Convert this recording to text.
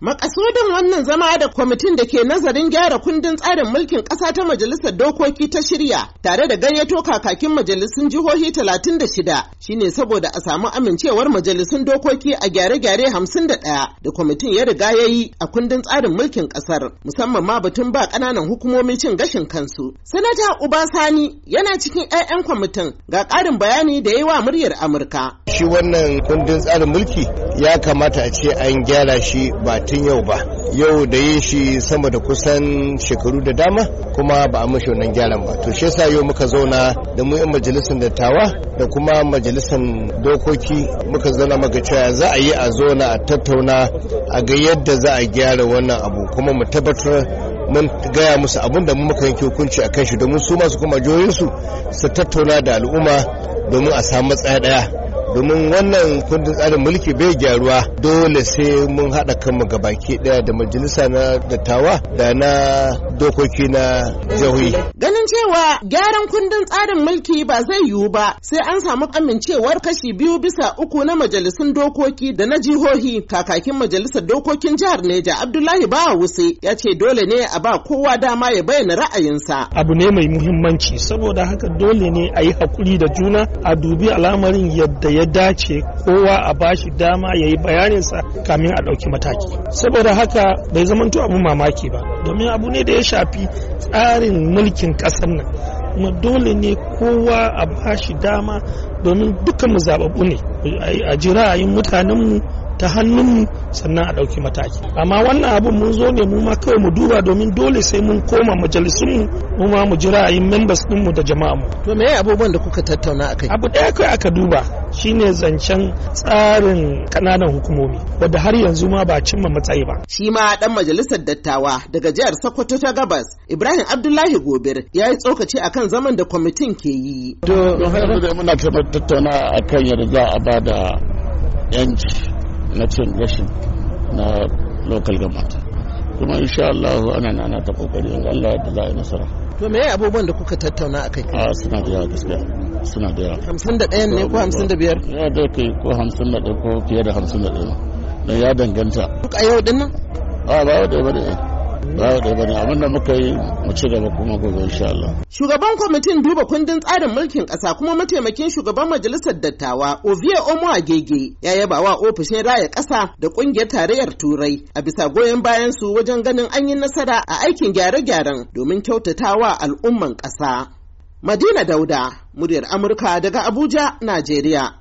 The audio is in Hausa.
Makasudin wannan zama da kwamitin da ke nazarin gyara kundin tsarin mulkin ƙasa ta majalisar dokoki ta shirya tare da gayyato kakakin majalisun jihohi talatin da shida shine saboda a samu amincewar majalisun dokoki a gyare-gyare hamsin da ɗaya da kwamitin ya riga ya yi a kundin tsarin mulkin ƙasar musamman ma batun ba ƙananan hukumomi cin gashin kansu. Sanata Uba Sani yana cikin 'ya'yan kwamitin ga ƙarin bayani da ya yi wa muryar Amurka. shi wannan kundin tsarin mulki ya kamata a ce an gyara shi ba tun yau ba yau da yin shi sama da kusan shekaru da dama kuma ba a mashi wannan gyaran ba to shi yasa yau muka zauna da mu 'yan majalisar dattawa da kuma majalisar dokoki muka zana muka cewa za a yi a zauna a tattauna a ga yadda za a gyara wannan abu kuma mu tabbatar mun gaya musu abin da muka yanke hukunci a kan shi domin su masu kuma jihohinsu su tattauna da al'umma domin a samu matsaya daya domin wannan kundin tsarin mulki bai gyaruwa dole sai mun haɗa kanmu gabaki ɗaya da majalisa na dattawa da na dokoki na jihohi. Ganin cewa gyaran kundin tsarin mulki ba zai yiwu ba sai an samu amincewar kashi biyu bisa uku na majalisun dokoki da na jihohi kakakin majalisar dokokin jihar Neja Abdullahi Bawa Wuse ya ce dole ne a ba kowa dama ya bayyana ra'ayinsa. Abu ne mai muhimmanci saboda haka dole ne a yi hakuri da juna a dubi al'amarin yadda ya dace kowa a bashi dama ya yi bayaninsa kamin a ɗauki mataki. Saboda haka bai zamanto abu mamaki ba. domin abu ne da ya shafi tsarin mulkin ƙasar nan kuma dole ne kowa a bashi dama domin duka mu zababu ne a jira a yi mutanenmu ta hannunmu sannan a ɗauki mataki amma wannan abin mun zo ne mu ma kawai mu duba domin dole sai mun koma majalisunmu mu ma mu jira a yin members ɗinmu da mu. to me abubuwan da kuka tattauna a kai? abu ɗaya kai aka duba shine zancen tsarin ƙananan hukumomi wadda har yanzu ma ba cimma matsayi ba shi ma ɗan majalisar dattawa daga jihar Sokoto ta Gabas Ibrahim Abdullahi Gobir ya yi tsokaci akan zaman da kwamitin ke yi to muna tattauna akan yadda za a ba da yanci na cin gashin na local government kuma insha Allah ana nana ta kokari in Allah da za a yi nasara to me abubuwan da kuka tattauna akai a ah, suna da yawa gaskiya suna da yawa 51 ne ko 55 ya da kai ko 51 ko fiye da 51 ne ya danganta duk a yau din nan a ah, ba da bane bane muka yi mu ci gaba kuma gobe insha shugaban kwamitin duba kundin tsarin mulkin ƙasa kuma mataimakin shugaban majalisar dattawa Ovie Omo Agege ya yaba wa ofishin raya ƙasa da ƙungiyar tarayyar Turai a bisa goyon bayan su wajen ganin an yi nasara a aikin gyare-gyaren domin kyautatawa al'umman ƙasa Madina Dauda, muryar Amurka daga Abuja, Najeriya.